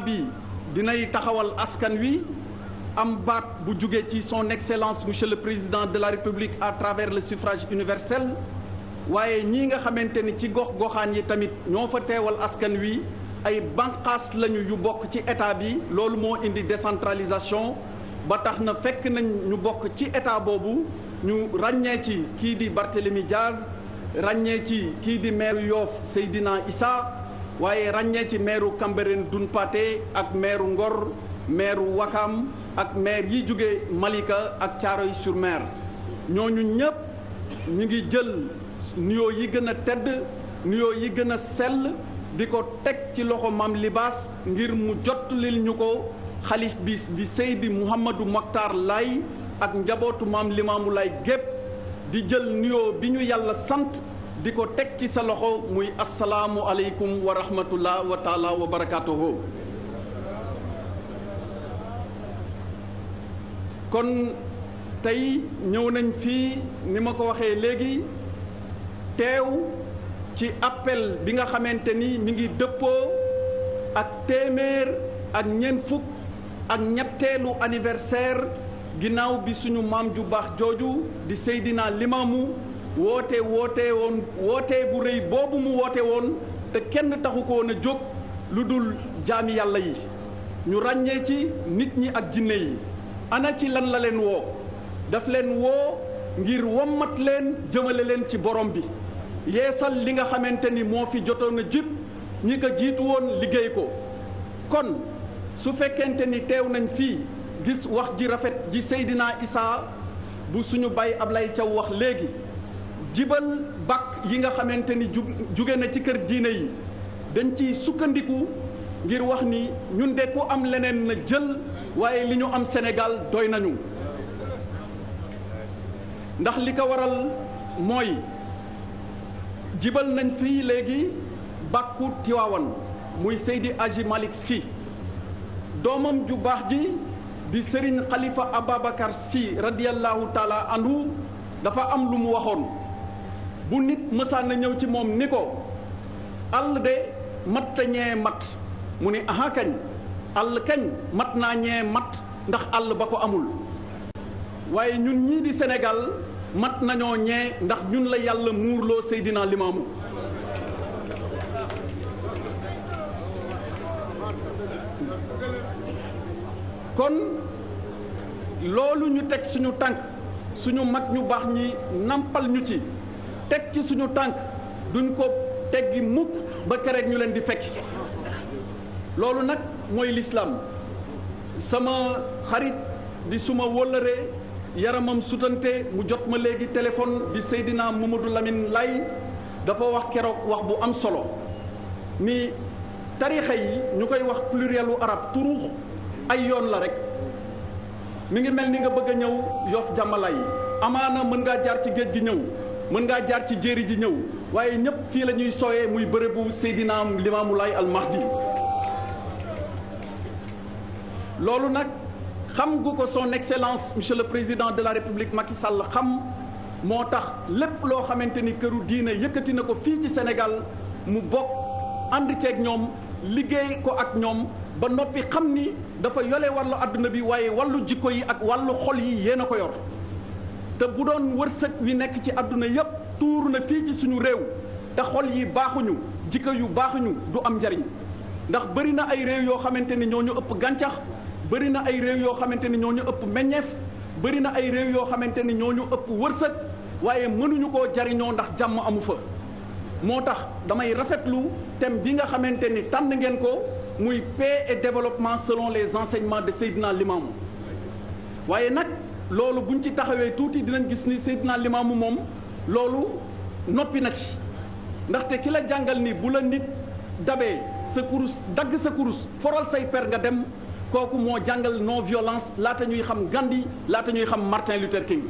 bi dinay taxawal askan wi am baat bu jóge ci son excellence monsieur le président de la république à travers le suffrage universel waaye ñii nga xamante ni ci gox goxaan yi tamit ñoo fa teewal askan wi ay banqaas lañu yu bokk ci état bi loolu moo indi décentralisation ba tax na fekk nañ ñu bokk ci état boobu ñu ràññee ci kii di Barthélémy Diaz ràññee ci kii di maire Seydina Issa waaye ràññee ci meeru Cambérène Doune ak meeru Ngor meeru Wakam ak maire yi jóge Malika ak Thiaroye-sur-Mer ñooñu ñëpp ñu ngi jël nuyoo yi gën a tedd nuyoo yi gën a sel di ko teg ci loxo Mame Libaas ngir mu jottalil ñu ko xalif bi di Seydi Mouhamadou Mokhtar Laye ak njabootu Maam Limaamu Laay gépp di jël nuyoo bi ñu yàlla sant di ko teg ci sa loxo muy assalaamu aleykum wa rahmatullah wa barakaatuhu kon tey ñëw nañ fii ni ma ko waxee léegi teew ci appel bi nga xamante ni mi ngi dëppoo ak téeméer ak ñeent fukk ak ñetteelu anniversaire ginnaaw bi suñu maam ju baax jooju di Seydina Limaamu woote woote woon woote bu rëy boobu woote woon te kenn taxu ko woon a jóg lu dul jaami yàlla yi ñu ràññee ci nit ñi ak jinne yi ana ci lan la leen woo daf leen woo ngir wommat leen jëmale leen ci borom bi yeesal li nga xamante ni moo fi jotoon a jib ñi ko jiitu woon liggéey ko kon su fekkente ni teew nañ fii gis wax ji rafet ji Seydina Isaa bu suñu bay lay Thiaw wax léegi jibal bakk yi nga xamante ni ju jóge na ci kër diine yi dañ ci sukkandiku ngir wax ni ñun de ku am leneen na jël waaye li ñu am Sénégal doy nañu ndax li ko waral mooy jibal nañ fi léegi bàkku Tiwaawan muy Seydi Aji Malick Sy doomam ju baax ji di Serigne Khalifa Ababacar si radiyallahu taala àndu dafa am lu mu waxoon mu nit mësaan ñëw ci moom ni ko àll de mat te ñee mat mu ni aha kañ àll kañ mat naa ñee mat ndax àll ba ko amul waaye ñun ñii di Sénégal mat nañoo ñee ndax ñun la yàlla muurloo Seydina Limaamu kon loolu ñu teg suñu tànk suñu mat ñu baax ñi nampal ñu ci teg ci suñu tànk duñ ko teggi mukk ba kereeg ñu leen di fekk loolu nag mooy lislaam sama xarit di suma wóllëree yaramam sutante mu jot ma léegi téléphone di Seydina Mamadou Lamine Lay dafa wax keroog wax bu am solo ni tarixa yi ñu koy wax plurielu arab turuux ay yoon la rek mu ngi mel ni nga bëgg a ñëw yof jàmmalay amaana mën ngaa jaar ci géej gi ñëw mën ngaa jaar ci jéeri ji ñëw waaye ñëpp fii la ñuy sooyee muy bërëbu Seydina Limaamu Laay al Mahdi loolu nag xam gu ko son excellence monsieur le président de la république Macky sàll xam moo tax lépp loo xamante ni këru diine yëkkati na ko fii ci senegal mu bokk ànd ceeg ñoom liggéey ko ak ñoom ba noppi xam ni dafa yole wàllu àdduna bi waaye wàllu jikko yi ak wàllu xol yi yéen a ko yor te bu doon wërsëg wi nekk ci àdduna yépp tuuru na fii ci suñu réew te xol yi baaxuñu jikko yu baaxuñu du am njariñ ndax bëri na ay réew yoo xamante ni ñoo ñu ëpp gàncax bëri na ay réew yoo xamante ni ñoo ñu ëpp meññeef bëri na ay réew yoo xamante ni ñoo ñu ëpp wërsëg waaye mënuñu koo jariñoo ndax jàmm amu fa moo tax damay rafetlu thème bi nga xamante ni tànn ngeen ko muy paix et développement selon les enseignements de Seydina Limamou waaye nag loolu buñ ci taxawee tuuti dinañ gis ni Seydina Limaamu moom loolu noppi na ci ndaxte ki la jàngal ni bu la nit dabee sa kurus dagg sa kurus foral say per nga dem kooku moo jàngal non violence laata ñuy xam Gandhi laata ñuy xam Martin Luther King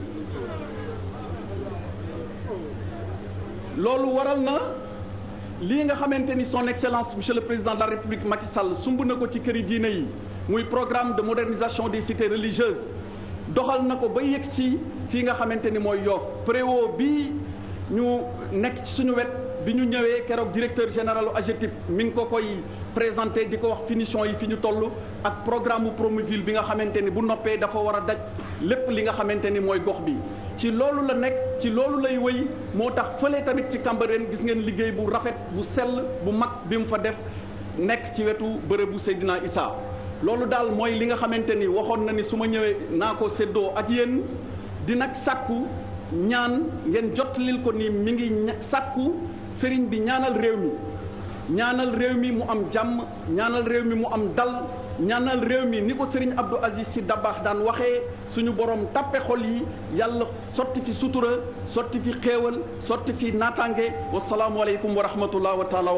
loolu waral na lii nga xamante ni son excellence monsieur le président de la république Macky Sall sumb na ko ci këri diine yi muy programme de modernisation des cités religieuses doxal na ko ba yëg si fii nga xamante ni mooy yoof préwo bii ñu nekk ci suñu wet bi ñu ñëwee keroog directeur général AGETIP mi ngi ko koy présenté di ko wax finition yi fi ñu toll ak programme Promoville bi nga xamante ni bu noppee dafa war a daj lépp li nga xamante ni mooy gox bi ci loolu la nekk ci loolu lay wëy moo tax fële tamit ci Cambérène gis ngeen liggéey bu rafet bu sell bu mag bi mu fa def nekk ci wetu bërëbu Seydina Issa loolu daal mooy li nga xamante ni waxoon na ni su ma ñëwee naa ko séddoo ak yéen di nag sàkku ñaan ngeen jottalil ko nii mi ngi sàkku sëriñ bi ñaanal réew mi ñaanal réew mi mu am jàmm ñaanal réew mi mu am dal ñaanal réew mi ni ko sëriñ Abdou Aziz Sy Dabakh daan waxee suñu borom tappe xol yi yàlla sotti fi sutura sotti fi xéewal sotti fi naataange wasalaamualeykum wa rahmatullah wa taala